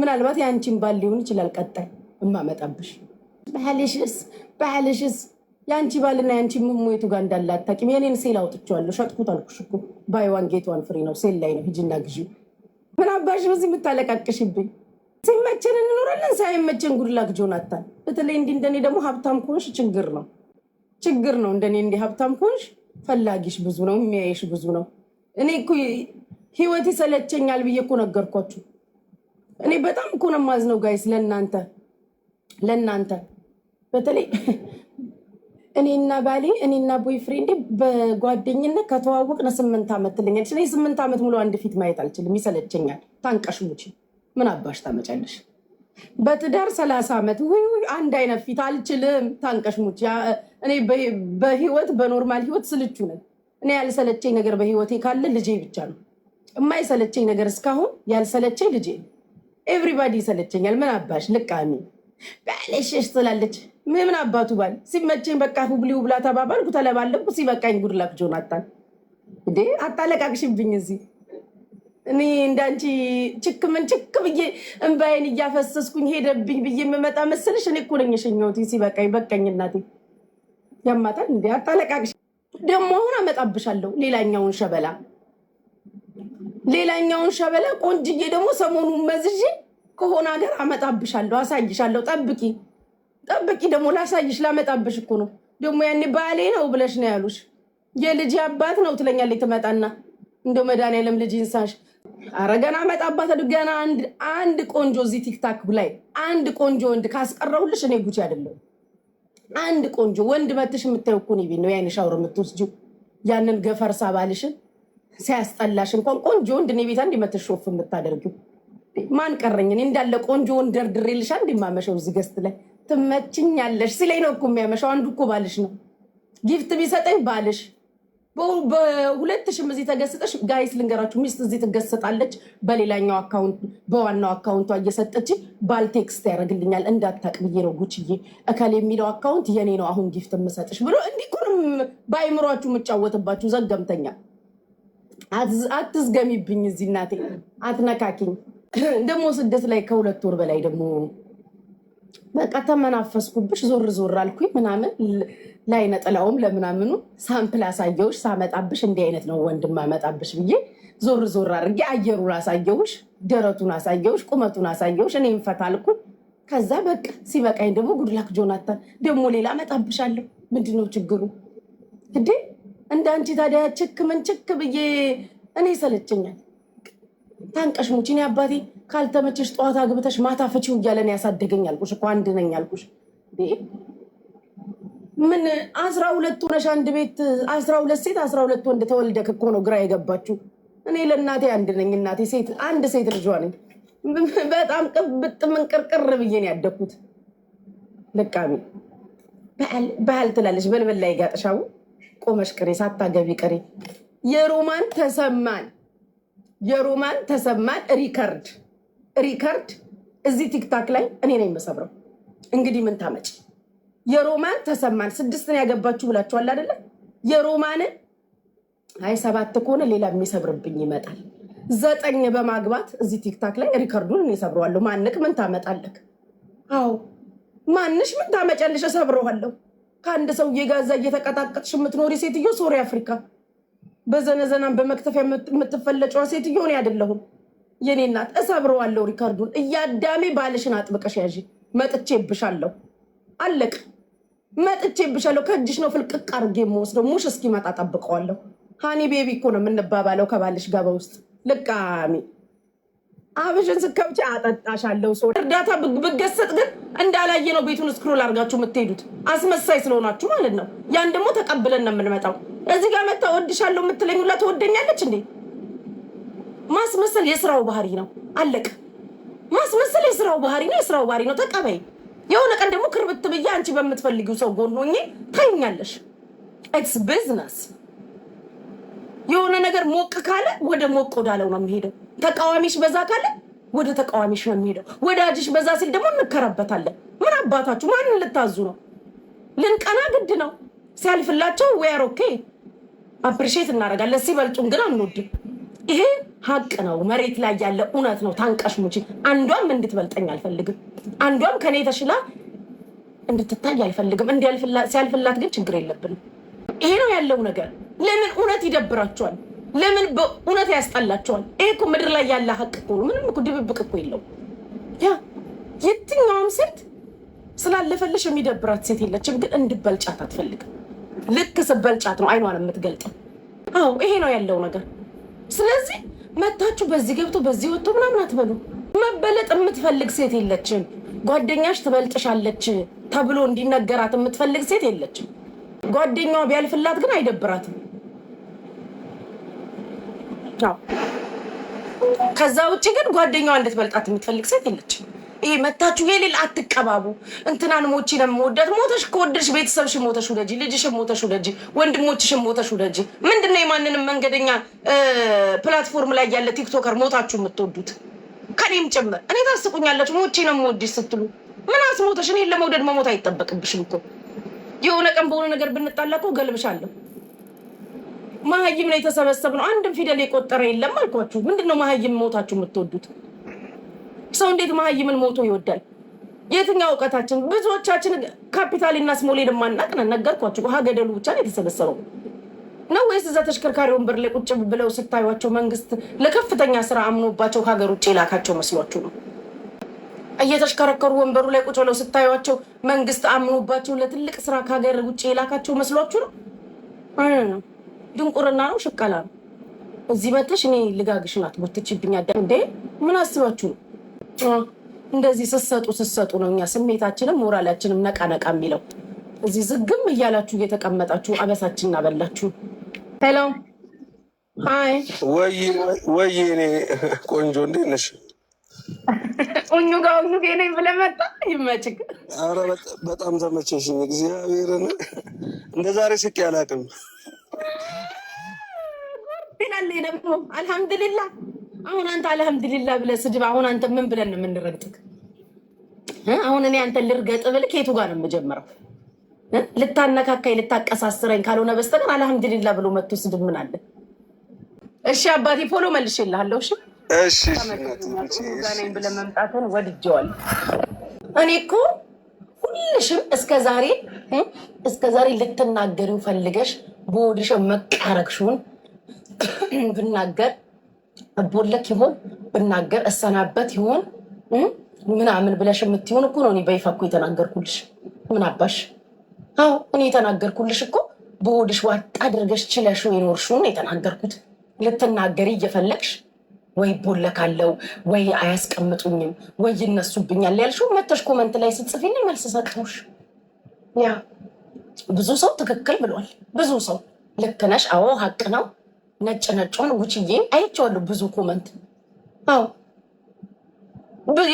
ምናልባት የአንቺን ባል ሊሆን ይችላል ቀጣይ እማመጣብሽ። ባህልሽስ ባህልሽስ የአንቺ ባልና የአንቺ ሞቱ ጋር እንዳለ አታውቂም። የኔን ሴል አውጥቼዋለሁ፣ ሸጥኩት አልኩሽ እኮ ባይዋን ጌትዋን ፍሪ ነው ሴል ላይ ነው። ሂጂና ግዢ። ምን አባሽ በዚህ የምታለቃቅሽብኝ? ሲመቸን እንኖራለን፣ ሳይመቸን ጉድላክ ጆናታን። በተለይ እንዲህ እንደኔ ደግሞ ሀብታም ከሆንሽ ችግር ነው ችግር ነው። እንደኔ እንዲህ ሀብታም ከሆንሽ ፈላጊሽ ብዙ ነው፣ የሚያየሽ ብዙ ነው። እኔ እኮ ህይወት ይሰለቸኛል ብዬ እኮ ነገርኳችሁ። እኔ በጣም እኮ ነው የማዝነው ጋይስ ለእናንተ ለእናንተ በተለይ እኔና ባሌ እኔና ቦይ ፍሬንዴ በጓደኝነት ከተዋወቅን ስምንት ዓመት ትለኛለች። እኔ ስምንት ዓመት ሙሉ አንድ ፊት ማየት አልችልም፣ ይሰለቸኛል። ታንቀሽ ሙች ምን አባሽ ታመጫለሽ? በትዳር ሰላሳ ዓመት ውይ አንድ አይነት ፊት አልችልም። ታንቀሽ ሙች እኔ በህይወት በኖርማል ህይወት ስልቹ ነኝ። እኔ ያልሰለቸኝ ነገር በህይወቴ ካለ ልጄ ብቻ ነው። የማይሰለቸኝ ነገር እስካሁን ያልሰለቸኝ ልጄ ነው። ኤቭሪባዲ ይሰለቸኛል። ምን አባሽ ልቃሚ ባለሽሽ ትላለች። ምን አባቱ ባል ሲመቸኝ በቃ ሁብሊው ብላ ተባባልኩ፣ ተለባለኩ። ሲበቃኝ ጉድላክ ጆናታን እንዴ አታለቃቅሽብኝ። እዚህ እኔ እንዳንቺ ችክምን ችክ ብዬ እንባዬን እያፈሰስኩኝ ሄደብኝ ብዬ የምመጣ መስልሽ? እኔ እኮ ነኝ የሸኘሁት ሲበቃኝ። በቃኝ እናቴ ያማታል። እንዴ አታለቃቅሽ ደግሞ አሁን አመጣብሻለሁ ሌላኛውን ሸበላ ሌላኛውን ሸበላ ቆንጅዬ ደግሞ ሰሞኑን መዝዤ ከሆነ ሀገር አመጣብሻለሁ፣ አሳይሻለሁ። ጠብቂ ጠብቂ፣ ደግሞ ላሳይሽ ላመጣብሽ እኮ ነው። ደግሞ ያኔ ባሌ ነው ብለሽ ነው ያሉሽ። የልጅ አባት ነው ትለኛለች። ትመጣና እንደ መድኃኒዓለም ልጅ ይንሳሽ። ኧረ ገና አመጣባታለሁ። ገና አንድ ቆንጆ እዚህ ቲክታክ ላይ አንድ ቆንጆ ወንድ ካስቀረውልሽ እኔ ጉቺ አይደለሁም። አንድ ቆንጆ ወንድ መትሽ የምታየው እኮ ነው። ያኔ ሻወር የምትወስጂው ያንን ገፈርሳ ባልሽን ሲያስጠላሽ እንኳን ቆንጆ ወንድ እኔ ቤት እንዲህ የምታደርጊው ማን ቀረኝ? እኔ እንዳለ ቆንጆ ወንድ ደርድሬልሻ እንዲማመሸው እዚህ ገስት ላይ ትመችኛለሽ ሲለኝ ነው እኮ የሚያመሸው። አንዱ እኮ ባልሽ ነው። ጊፍት ቢሰጠኝ ባልሽ በሁለት ሽም እዚህ ተገስጠሽ፣ ጋይስ ልንገራችሁ፣ ሚስት እዚህ ትገሰጣለች። በሌላኛው አካውንት በዋናው አካውንቷ እየሰጠች ባል ቴክስት ያደርግልኛል እንዳታቅብዬ ነው ጉችዬ፣ እከል የሚለው አካውንት የኔ ነው አሁን ጊፍት የምሰጥሽ ብሎ እንዲህ በአይምሯችሁ የምጫወትባችሁ ዘገምተኛ አትዝገሚብኝ እዚህ እናቴ፣ አትነካኪኝ። ደግሞ ስደት ላይ ከሁለት ወር በላይ ደግሞ በቃ ተመናፈስኩብሽ፣ ዞር ዞር አልኩኝ ምናምን ላይ ነጠላውም ለምናምኑ ሳምፕል አሳየውሽ። ሳመጣብሽ እንዲህ አይነት ነው ወንድም አመጣብሽ ብዬ ዞር ዞር አድርጌ አየሩን አሳየውሽ፣ ደረቱን አሳየውሽ፣ ቁመቱን አሳየውሽ። እኔም ፈታ አልኩ። ከዛ በቃ ሲበቃኝ ደግሞ ጉድላክ ጆናታን ደግሞ ሌላ አመጣብሻለሁ። ምንድነው ችግሩ እንዴ? እንደ አንቺ ታዲያ ችክ ምን ችክ ብዬ እኔ ሰለችኛል። ታንቀሽ ሙች እኔ አባቴ ካልተመቸሽ ጠዋት አግብተሽ ማታ ፍቺው እያለ ነው ያሳደገኝ አልኩሽ እኮ አንድ ነኝ አልኩሽ። ምን አስራ ሁለት ሆነሽ አንድ ቤት አስራ ሁለት ሴት አስራ ሁለት ወንድ ተወልደክ እኮ ነው ግራ የገባችሁ። እኔ ለእናቴ አንድ ነኝ። እናቴ ሴት አንድ ሴት ልጇ ነኝ። በጣም ቅብጥ ምንቅርቅር ብዬ ነው ያደግኩት። ልቃሚ ባህል ትላለች በልበል ላይ ጋጥሻው ቆመሽ ቅሬ ሳታገቢ ቅሬ የሮማን ተሰማን የሮማን ተሰማን ሪከርድ ሪከርድ እዚህ ቲክታክ ላይ እኔ ነው የምሰብረው። እንግዲህ ምን ታመጭ? የሮማን ተሰማን ስድስትን ያገባችሁ ብላችኋል አይደለ? የሮማንን አይ ሰባት ከሆነ ሌላ የሚሰብርብኝ ይመጣል። ዘጠኝ በማግባት እዚህ ቲክታክ ላይ ሪከርዱን እኔ እሰብረዋለሁ። ማንክ ምን ታመጣለክ? አዎ ማንሽ ምን ታመጫልሽ? እሰብረዋለሁ። ከአንድ ሰውዬ የጋዛ እዛ እየተቀጣቀጥሽ የምትኖሪ ሴትዮ ሶሪ አፍሪካ በዘነዘናን በመክተፊያ የምትፈለጨዋ ሴትዮ እኔ አይደለሁም። የኔ እናት እሰብረዋለሁ ሪካርዱን። እያዳሜ ባልሽን አጥብቀሽ ያዥ። ብሻለሁ፣ አለቅ። ብሻለሁ። ከእጅሽ ነው ፍልቅቅ አርጌ የምወስደው። ሙሽ እስኪመጣ ጠብቀዋለሁ። ሃኒ ቤቢ እኮ ነው የምንባባለው ከባልሽ ጋር በውስጥ ልቃሚ አብሽን ስከብቼ አጠጣሻለሁ። ሰው እርዳታ ብገሰጥ ግን እንዳላየ ነው ቤቱን ስክሮል አድርጋችሁ የምትሄዱት አስመሳይ ስለሆናችሁ ማለት ነው። ያን ደግሞ ተቀብለን ነው የምንመጣው። እዚህ ጋር መታ ወድሻለሁ የምትለኝ ሁላ ትወደኛለች እንዴ? ማስመሰል የስራው ባህሪ ነው። አለቅ ማስመሰል የስራው ባህሪ ነው። የስራው ባህሪ ነው። ተቀበይ። የሆነ ቀን ደግሞ ክርብት ብዬ አንቺ በምትፈልጊው ሰው ጎን ሆኜ ታይኛለሽ። ኢትስ ቢዝነስ። የሆነ ነገር ሞቅ ካለ ወደ ሞቅ ወዳለው ነው የሚሄደው። ተቃዋሚሽ በዛ ካለ ወደ ተቃዋሚሽ ነው የሚሄደው። ወዳጅሽ በዛ ሲል ደግሞ እንከረበታለን። ምን አባታችሁ ማንን ልታዙ ነው? ልንቀና ግድ ነው። ሲያልፍላቸው ወያር ኦኬ አፕሪሼት እናደርጋለን። ሲበልጡን ግን አንወድም። ይሄ ሀቅ ነው፣ መሬት ላይ ያለ እውነት ነው። ታንቀሽ ሙች አንዷም እንድትበልጠኝ አልፈልግም። አንዷም ከኔ ተሽላ እንድትታይ አልፈልግም። ሲያልፍላት ግን ችግር የለብንም። ይሄ ነው ያለው ነገር። ለምን እውነት ይደብራችኋል? ለምን በእውነት ያስጠላቸዋል? ይሄ እኮ ምድር ላይ ያለ ሀቅ እኮ ነው። ምንም እኮ ድብብቅ እኮ የለው። ያ የትኛውም ሴት ስላለፈልሽ የሚደብራት ሴት የለችም። ግን እንድበልጫት አትፈልግም። ልክ ስበልጫት ነው አይኗን የምትገልጠው። አዎ ይሄ ነው ያለው ነገር። ስለዚህ መታችሁ በዚህ ገብቶ በዚህ ወጥቶ ምናምን አትበሉ። መበለጥ የምትፈልግ ሴት የለችም። ጓደኛሽ ትበልጥሻለች ተብሎ እንዲነገራት የምትፈልግ ሴት የለችም። ጓደኛዋ ቢያልፍላት ግን አይደብራትም። ከዛ ውጭ ግን ጓደኛዋ እንድትበልጣት የምትፈልግ ሴት የለችም። ይሄ መታችሁ የሌለ አትቀባቡ። እንትናን ሞቼ ነው የምወዳት። ሞተሽ ከወደድሽ ቤተሰብሽ ሞተሽ ውደጂ፣ ልጅሽ ሞተሽ ውደጂ፣ ወንድሞችሽ ሞተሽ ውደጂ። ምንድነው የማንንም መንገደኛ ፕላትፎርም ላይ ያለ ቲክቶከር ሞታችሁ የምትወዱት? ከኔም ጭምር እኔ ታስቁኛለች። ሞቼ ነው የምወድሽ ስትሉ ምን አስሞተሽ? እኔን ለመውደድ መሞት አይጠበቅብሽም እኮ የሆነ ቀን በሆነ ነገር ብንጣላ እኮ ገልብሻለሁ። መሀይም ላይ የተሰበሰብ ነው። አንድም ፊደል የቆጠረ የለም አልኳችሁ። ምንድን ነው መሀይም ሞታችሁ የምትወዱት? ሰው እንዴት መሀይምን ሞቶ ይወዳል? የትኛው እውቀታችን? ብዙዎቻችን ካፒታልና ስሞሌ የማናቅነን ነገርኳችሁ። ሀገደሉ ብቻ ነው የተሰበሰበው ነው ወይስ እዛ ተሽከርካሪ ወንበር ላይ ቁጭ ብለው ስታዩቸው መንግስት ለከፍተኛ ስራ አምኖባቸው ከሀገር ውጭ የላካቸው መስሏችሁ ነው? እየተሽከረከሩ ወንበሩ ላይ ቁጭ ብለው ስታዩቸው መንግስት አምኖባቸው ለትልቅ ስራ ከሀገር ውጭ የላካቸው መስሏችሁ ነው? ድንቁርና ነው፣ ሽቀላ ነው። እዚህ መተሽ እኔ ናት ቦትችብኛ እንዴ ምን አስባችሁ ነው እንደዚህ ስሰጡ ስሰጡ ነው? እኛ ስሜታችንም ሞራላችንም ነቃ ነቃ የሚለው እዚህ ዝግም እያላችሁ እየተቀመጣችሁ አበሳችን እናበላችሁ። ሄሎ ወይ እኔ ቆንጆ እንዴት ነሽ? ቁኙ ጋር ቁኙ ነኝ ብለህ መጣ። ይመችግ። ኧረ በጣም ተመቸሽኝ። እግዚአብሔርን እንደ ዛሬ ስቄ አላውቅም። ትላለህ ደግሞ አልሐምድሊላ። አሁን አንተ አልሐምድሊላ ብለህ ስድብ፣ አሁን አንተ ምን ብለን ነው የምንረግጥህ? አሁን እኔ አንተ ልርገጥ ብልህ ከየቱ ጋር ነው የምጀምረው? ልታነካካኝ ልታቀሳስረኝ ካልሆነ በስተቀር አልሐምድሊላ ብሎ መጥቶ ስድብ ምን አለ? እሺ አባቴ ፎሎ መልሼልሃለሁ። እሺ እሺ ብለህ መምጣትን ወድጄዋለሁ። እኔ እኮ ሁልሽም እስከ ዛሬ እስከ ዛሬ ልትናገሪው ፈልገሽ በወድሽ መቃረግሽውን ብናገር ቦለክ ይሆን ብናገር እሰናበት ይሆን ምናምን ብለሽ የምትሆን እኮ ነው። እኔ በይፋ እኮ የተናገርኩልሽ ምን አባሽ? አዎ እኔ የተናገርኩልሽ እኮ በሆድሽ ዋጥ አድርገሽ ችለሽ የኖርሽውን የተናገርኩት። ልትናገሪ እየፈለግሽ ወይ ቦለካለው ወይ አያስቀምጡኝም ወይ ይነሱብኛል ያልሽው መተሽ ኮመንት ላይ ስትጽፊልኝ መልስ ሰጥሽ። ያ ብዙ ሰው ትክክል ብሏል። ብዙ ሰው ልክ ነሽ፣ አዎ ሀቅ ነው ነጭ ነጭውን ጉቺዬ አይቼዋለሁ። ብዙ ኮመንት አዎ፣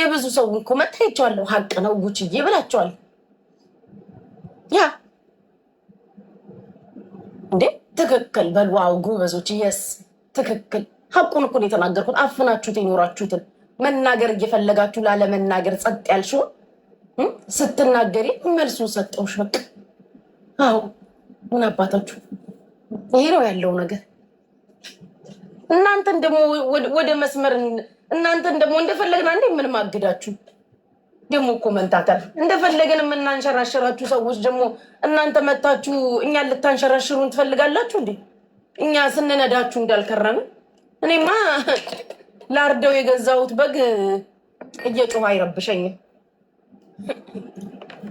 የብዙ ሰውን ኮመንት አይቼዋለሁ። ሀቅ ነው ጉቺዬ ብላቸዋል። ያ እንዴ ትክክል በሉ። አዎ ጎበዞች፣ የስ ትክክል። ሀቁን እኮ ነው የተናገርኩት። አፍናችሁት የኖራችሁትን መናገር እየፈለጋችሁ ላለመናገር ጸጥ ያልሽውን ስትናገሪ መልሱ ሰጠውሽ። በቃ አዎ ምን አባታችሁ ይሄ ነው ያለው ነገር። እናንተን ደግሞ ወደ መስመር እናንተን ደግሞ እንደፈለግን እንዴ ምንም አግዳችሁ ደግሞ መንታተር እንደፈለግን የምናንሸራሸራችሁ ሰዎች ደግሞ እናንተ መታችሁ እኛን ልታንሸራሽሩን ትፈልጋላችሁ እንዴ? እኛ ስንነዳችሁ እንዳልከረን እኔማ ላርደው የገዛሁት በግ እየጮኸ አይረብሸኝም።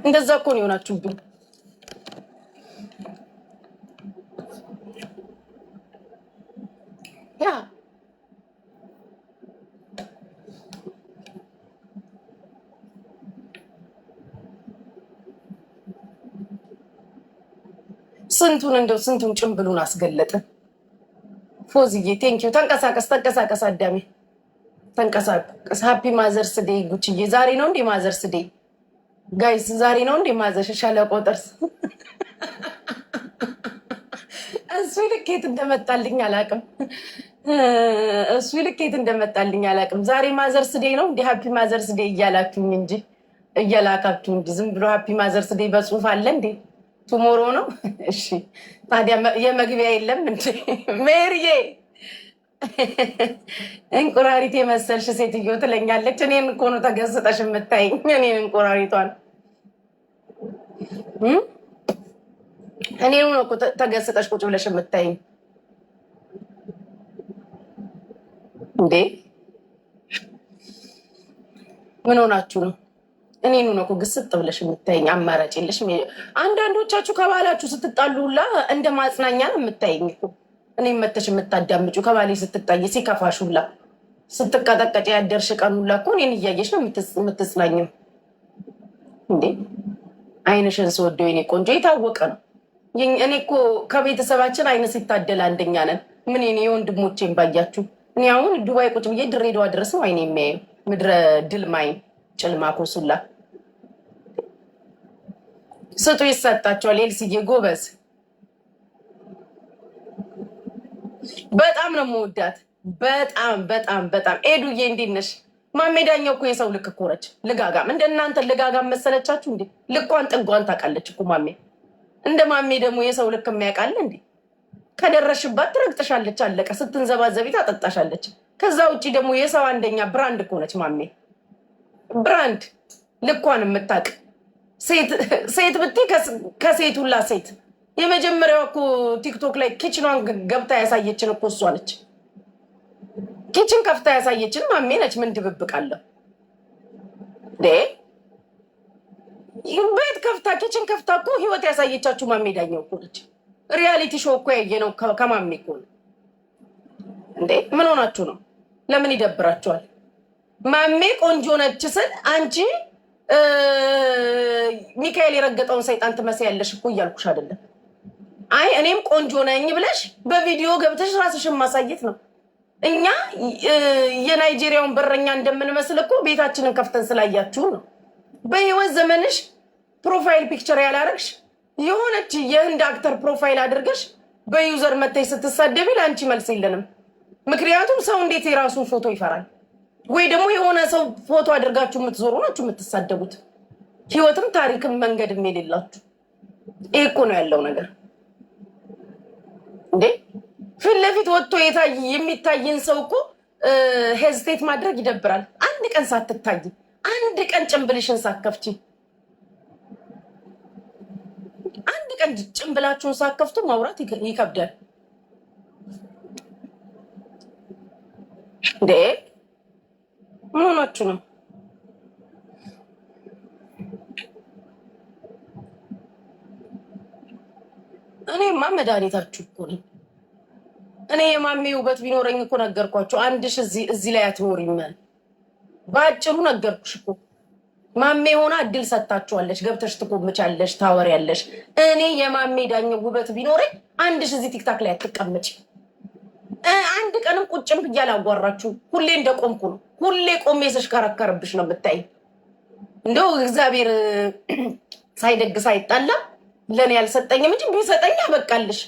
እንደዛ እኮ ነው የሆናችሁብኝ። Ja. ስንቱን እንደው ስንቱን ጭንብሉን አስገለጥን። ፎዝዬ ቴንኪው ተንቀሳቀስ ተንቀሳቀስ፣ አዳሜ ተንቀሳቀስ። ሀፒ ማዘርስ ዴይ ጉችዬ። ዛሬ ነው እንዴ ማዘርስ ዴይ? ጋይስ ዛሬ ነው እንዴ ማዘርስ? ሸለቆ ጥርስ እሱ ልክ እንደመጣልኝ አላውቅም። እሱ ልኬት እንደመጣልኝ አላውቅም። ዛሬ ማዘርስ ዴይ ነው እንዲህ ሀፒ ማዘርስ ዴይ እያላችሁኝ እንጂ እያላካችሁ እንጂ ዝም ብሎ ሀፒ ማዘርስ ዴይ በጽሁፍ አለ እንዴ? ቱሞሮ ነው። እሺ ታዲያ የመግቢያ የለም እንዴ? ሜሪዬ እንቁራሪት የመሰልሽ ሴትዮ ትለኛለች። እኔን እኮ ነው ተገስጠሽ የምታይኝ እኔን እንቁራሪቷን እኔ ነው ተገስጠሽ ቁጭ ብለሽ የምታይኝ። እንዴ ምን ሆናችሁ ነው? እኔ ኑ ነኮ ግስጥ ብለሽ የምታይኝ። አማራጭ የለሽም። አንዳንዶቻችሁ ከባላችሁ ስትጣሉ ሁላ እንደ ማጽናኛ ነው የምታይኝ እኔ መተሽ የምታዳምጩ ከባሌ ስትጣይ ሲከፋሽ ሁላ ስትቀጠቀጭ ያደርሽ ቀን ሁላ እኮ እኔን እያየሽ ነው የምትጽናኝም። እንዴ አይንሽን ስወደው የኔ ቆንጆ የታወቀ ነው። እኔ እኮ ከቤተሰባችን አይነ ሲታደል አንደኛ ነን። ምን የኔ የወንድሞቼን ባያችሁ እኔ አሁን ዱባይ ቁጭ ብዬ ድሬዳዋ ድረስ ነው አይኔ የሚያየው። ምድረ ድል ማይ ጭልማ ኮሱላ ስጡ ይሰጣቸዋል። ኤልስዬ ጎበዝ፣ በጣም ነው የምወዳት። በጣም በጣም በጣም ኤዱዬ፣ እንዴት ነሽ? ማሜዳኛው እኮ የሰው ልክ እኮ ነች። ልጋጋም እንደ እናንተ ልጋጋም መሰለቻችሁ እንዴ? ልኳን ጥጓን ታውቃለች እኮ ማሜ። እንደ ማሜ ደግሞ የሰው ልክ የሚያውቃል እንዴ? ከደረሽባት ትረግጥሻለች። አለቀ። ስትንዘባዘቢ ታጠጣሻለች። ከዛ ውጭ ደግሞ የሰው አንደኛ ብራንድ እኮ ነች ማሜ፣ ብራንድ ልኳን የምታውቅ ሴት ብቲ ከሴት ሁላ ሴት። የመጀመሪያዋ እኮ ቲክቶክ ላይ ኪችኗን ገብታ ያሳየችን እኮ እሷ ነች። ኪችን ከፍታ ያሳየችን ማሜ ነች። ምን ድብብቅ አለው? ቤት ከፍታ ኪችን ከፍታ እኮ ህይወት ያሳየቻችሁ ማሜ ዳኛው እኮ ነች። ሪያሊቲ ሾው እኮ ያየ ነው። ከማምኔ እኮ ነው እንዴ! ምን ሆናችሁ ነው? ለምን ይደብራችኋል? ማሜ ቆንጆ ነች ስል አንቺ ሚካኤል የረገጠውን ሰይጣን ትመስያለሽ እኮ እያልኩሽ አይደለም። አይ እኔም ቆንጆ ነኝ ብለሽ በቪዲዮ ገብተሽ ራስሽን ማሳየት ነው። እኛ የናይጄሪያውን በረኛ እንደምንመስል እኮ ቤታችንን ከፍተን ስላያችሁ ነው። በህይወት ዘመንሽ ፕሮፋይል ፒክቸር ያላረግሽ የሆነች የህንድ አክተር ፕሮፋይል አድርገሽ በዩዘር መታይ ስትሳደቢ ለአንቺ መልስ የለንም። ምክንያቱም ሰው እንዴት የራሱን ፎቶ ይፈራል? ወይ ደግሞ የሆነ ሰው ፎቶ አድርጋችሁ የምትዞሩ ናችሁ የምትሳደቡት። ህይወትም ታሪክም መንገድም የሌላችሁ ይህ እኮ ነው ያለው ነገር እንዴ። ፊት ለፊት ወጥቶ የሚታይን ሰው እኮ ሄዝቴት ማድረግ ይደብራል። አንድ ቀን ሳትታይ፣ አንድ ቀን ጭንብልሽን ሳትከፍቺ ቀን ጭንብላችሁን ሳከፍቱ ማውራት ይከብዳል እንዴ? ምን ሆናችሁ ነው? እኔማ መድኃኒታችሁ እኮ ነኝ። እኔ የማሜ ውበት ቢኖረኝ እኮ ነገርኳችሁ። አንድሽ እዚህ ላይ አትኖሪም። በአጭሩ ነገርኩሽ እኮ ማሜ ሆና እድል ሰጥታችኋለች። ገብተሽ ትቆምቻለሽ፣ ታወሪያለሽ። እኔ የማሜ ዳኘው ውበት ቢኖረኝ አንድ ሽ እዚህ ቲክታክ ላይ አትቀመጭ። አንድ ቀንም ቁጭም ብዬ አላጓራችሁ ሁሌ እንደቆምኩ ነው። ሁሌ ቆሜ ስሽከረከርብሽ ነው የምታይ። እንደው እግዚአብሔር ሳይደግስ አይጣላ ለእኔ ያልሰጠኝም እንጂ ቢሰጠኝ አበቃልሽ።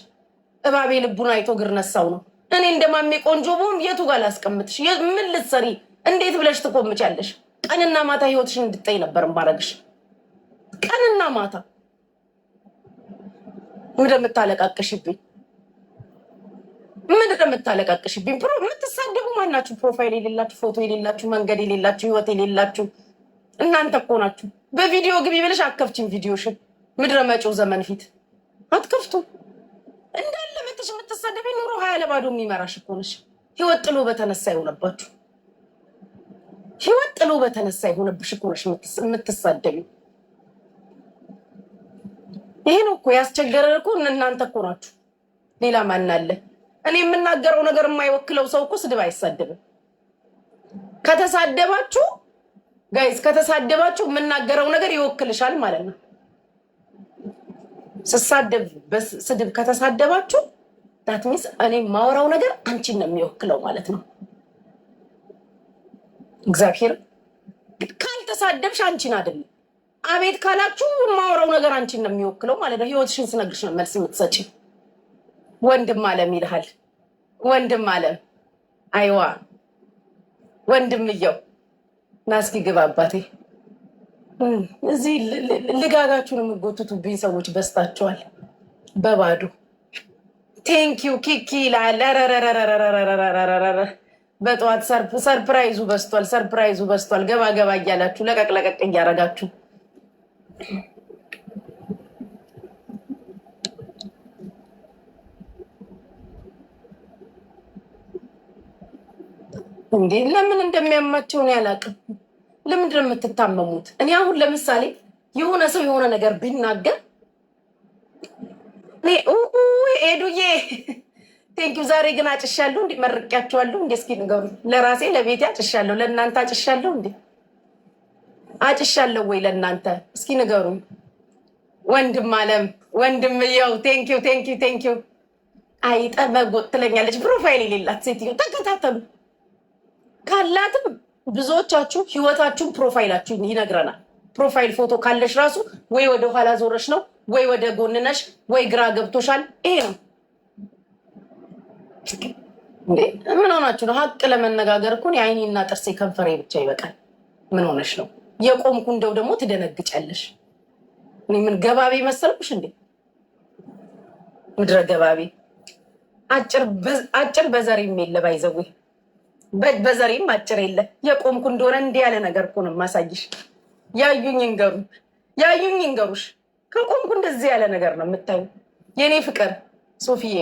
እባቤ ልቡን አይቶ እግር ነሳው ነው። እኔ እንደማሜ ቆንጆ በሆን የቱ ጋር ላስቀምጥሽ? ምን ልትሰሪ? እንዴት ብለሽ ትቆምቻለሽ? ቀንና ማታ ህይወትሽን እንድጠይ ነበር ባረግሽ። ቀንና ማታ ወደምታለቃቅሽብኝ ምን እንደምታለቃቅሽብኝ የምትሳደቡ ማናችሁ? ፕሮፋይል የሌላችሁ፣ ፎቶ የሌላችሁ፣ መንገድ የሌላችሁ፣ ህይወት የሌላችሁ እናንተ እኮ ናችሁ። በቪዲዮ ግቢ ብለሽ አከፍችን ቪዲዮሽን ምድረ መጪው ዘመን ፊት አትከፍቱ እንዳለ መተሽ የምትሳደቢ ኑሮ ሀያ ለባዶ የሚመራሽ እኮ ነሽ። ህይወት ጥሎ በተነሳ ይሆነባችሁ ህይወት ጥሎ በተነሳ የሆነብሽ እኮ ነሽ የምትሳደቢው። እኮ ያስቸገረን እኮ እናንተ እኮ ናችሁ። ሌላ ማን አለ? እኔ የምናገረው ነገር የማይወክለው ሰው እኮ ስድብ አይሳደብም። ከተሳደባችሁ ጋይዝ፣ ከተሳደባችሁ የምናገረው ነገር ይወክልሻል ማለት ነው። ስሳደብ ስድብ ከተሳደባችሁ ዳትሚስ እኔ የማወራው ነገር አንቺን ነው የሚወክለው ማለት ነው። እግዚአብሔር ካልተሳደብሽ አንቺን አይደለም አቤት ካላችሁ የማወራው ነገር አንቺን ነው የሚወክለው ማለት ነው። ህይወትሽን ስነግርሽ ነው መልስ የምትሰጪ። ወንድም አለም ይልሃል። ወንድም አለም አይዋ ወንድም እየው ና ግባ አባቴ። እዚህ ልጋጋችሁን የምጎትቱብኝ ሰዎች በስታችኋል በባዶ ቴንኪው ኪኪ ይላል። በጠዋት ሰርፕራይዙ በስቷል፣ ሰርፕራይዙ በስቷል። ገባ ገባ እያላችሁ ለቀቅ ለቀቅ እያረጋችሁ እንዴ ለምን እንደሚያማቸው ነው ያላቅም። ለምንድን ነው የምትታመሙት? እኔ አሁን ለምሳሌ የሆነ ሰው የሆነ ነገር ቢናገር እኔ ኤዱዬ ቴንኪው። ዛሬ ግን አጭሻለሁ እንዲ መርቂያቸዋለሁ እንዲ እስኪ ንገሩ። ለራሴ ለቤቴ አጭሻለሁ፣ ለእናንተ አጭሻለሁ እንዲ አጭሻለሁ ወይ ለእናንተ እስኪ ንገሩ። ወንድም አለም ወንድም ያው ቴንኪው፣ ቴንኪው፣ ቴንኪው። አይጠመጎጥ ትለኛለች። ፕሮፋይል የሌላት ሴትዮ ተከታተሉ። ካላትም ብዙዎቻችሁ ህይወታችሁን ፕሮፋይላችሁ ይነግረናል። ፕሮፋይል ፎቶ ካለሽ ራሱ ወይ ወደ ኋላ ዞረሽ ነው ወይ ወደ ጎንነሽ ወይ ግራ ገብቶሻል። ይሄ ነው ምን ሆናችሁ ነው? ሀቅ ለመነጋገር እኮ የአይኔና ጥርሴ ከንፈሬ ብቻ ይበቃል። ምን ሆነሽ ነው? የቆምኩ እንደው ደግሞ ትደነግጫለሽ። ምን ገባቤ መሰልኩሽ እንዴ? ምድረ ገባቢ። አጭር በዘሬም የለ ባይዘዌ በዘሬም አጭር የለ። የቆምኩ እንደሆነ እንዲህ ያለ ነገር እኮ ነው የማሳይሽ። ያዩኝ ይንገሩ፣ ያዩኝ ይንገሩሽ። ከቆምኩ እንደዚህ ያለ ነገር ነው የምታዩ የኔ ፍቅር ሶፊዬ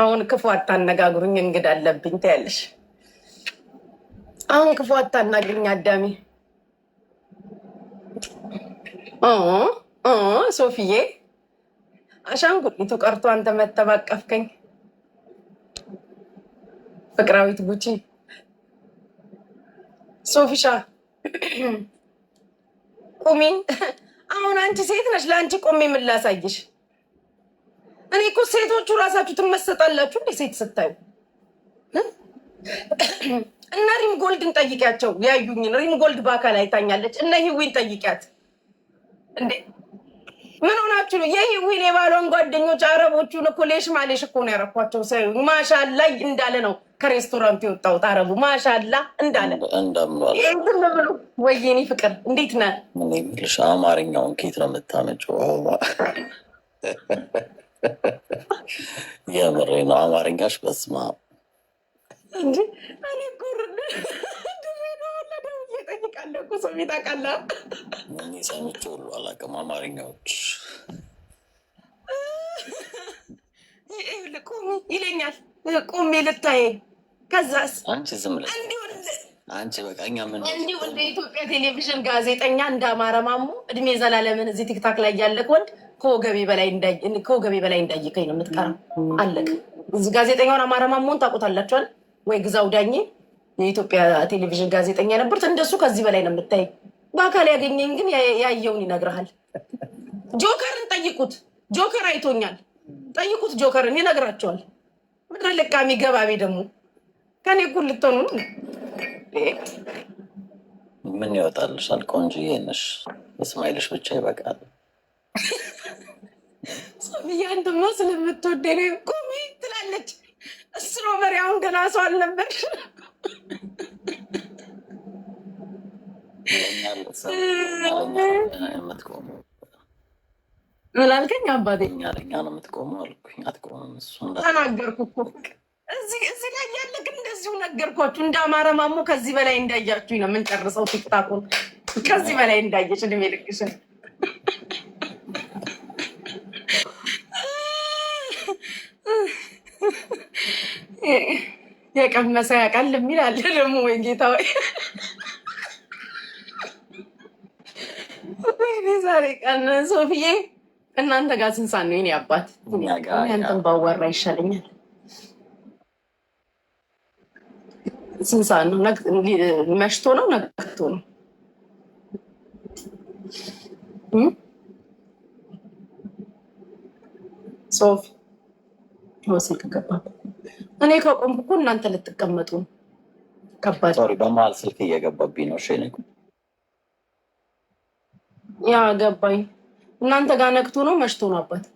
አሁን ክፉ አታነጋግሩኝ፣ እንግዳ አለብኝ ታያለሽ። አሁን ክፉ አታናግሩኝ አዳሚ ሶፊዬ አሻንጉሊቱ ቀርቶ አንተ መተባቀፍከኝ። ፍቅራዊት ጉቺ ሶፊሻ ቁሚ። አሁን አንቺ ሴት ነች ለአንቺ ቁሚ ምን ላሳይሽ? እኔ እኮ ሴቶቹ ራሳችሁ ትመሰጣላችሁ እንዴ? ሴት ስታዩ እና ሪም ጎልድን ጠይቂያቸው ያዩኝን። ሪም ጎልድ በአካል አይታኛለች። እነ ህዊን ጠይቂያት እንዴ። ምን ሆናችሁ? የህዊን የባሏን ጓደኞች አረቦቹን እኮ ሌሽ እኮ ነው ያረኳቸው። ሳዩ ማሻላ እንዳለ ነው ከሬስቶራንቱ የወጣሁት አረቡ ማሻላ እንዳለ ብሎ ወይኔ ፍቅር እንዴት ነ ምን ነህ? አማርኛውን ኬት ነው የምታመጭው? የምሬ ነው። አማርኛሽ በስማ እንጂ እኔ ጉር እየጠይቃለሁ እኮ ሰው ይጠቃላ እኔ ሰምቼ ሁሉ አላውቅም። አማርኛዎች ይለኛል ቆሜ ልታይ ከዛስ አንቺ ዝም ለ አንቺ በቃ እኛ ምን እንዲሁ እንደ ኢትዮጵያ ቴሌቪዥን ጋዜጠኛ እንዳማረ ማሙ እድሜ ዘላለምን እዚህ ቲክታክ ላይ ያለቅ ወንድ ከወገቤ በላይ እንዳይቀኝ ነው የምትቀረው። አለቅ እዚህ ጋዜጠኛውን አማረ ማሙን ታውቁታላችኋል ወይ? ግዛው ዳኜ የኢትዮጵያ ቴሌቪዥን ጋዜጠኛ ነበርት። እንደሱ ከዚህ በላይ ነው የምታይ። በአካል ያገኘኝ ግን ያየውን ይነግርሃል። ጆከርን ጠይቁት። ጆከር አይቶኛል። ጠይቁት ጆከርን ይነግራቸዋል። ምድረ ልቃሚ ገባቤ ደግሞ ከኔ እኩል ልትሆኑ ነው ምን ይወጣልሻል? ቆንጆ ይሄንሽ እስማኤልሽ ብቻ ይበቃል። ሶፊያ አንተማ ነው ቁሚ ትላለች። እሱ እስሮ በሪያውን ገና ሰው አልነበር ምን አልከኝ አባቴ? እኛ ለእኛ ነው የምትቆመው አልኩኝ። አትቆምም። እሱ ተናገርኩ እኮ እዚህ በዚሁ ነገርኳችሁ። እንደ አማረ ማሞ ከዚህ በላይ እንዳያችሁ ነው የምንጨርሰው። ቲክታኩን ከዚህ በላይ እንዳየች እድሜ ልክሽን የቀመሰ ያውቃል የሚላለ ደግሞ። ወይ ጌታ ወይ ዛሬ ቀን ሶፍዬ እናንተ ጋር ስንት ነው? የእኔ አባት አንተን ባወራ ይሻለኛል። ስንት ሰዓት ነው? መሽቶ ነው ነግቶ ነው? ሶፊ ስልክ ገባ። እኔ ከቆምኩ እኮ እናንተ ልትቀመጡ ነው። ከባድ በመሀል ስልክ እየገባብኝ ነው። እሺ ያ ገባኝ። እናንተ ጋር ነግቶ ነው መሽቶ ነው አባት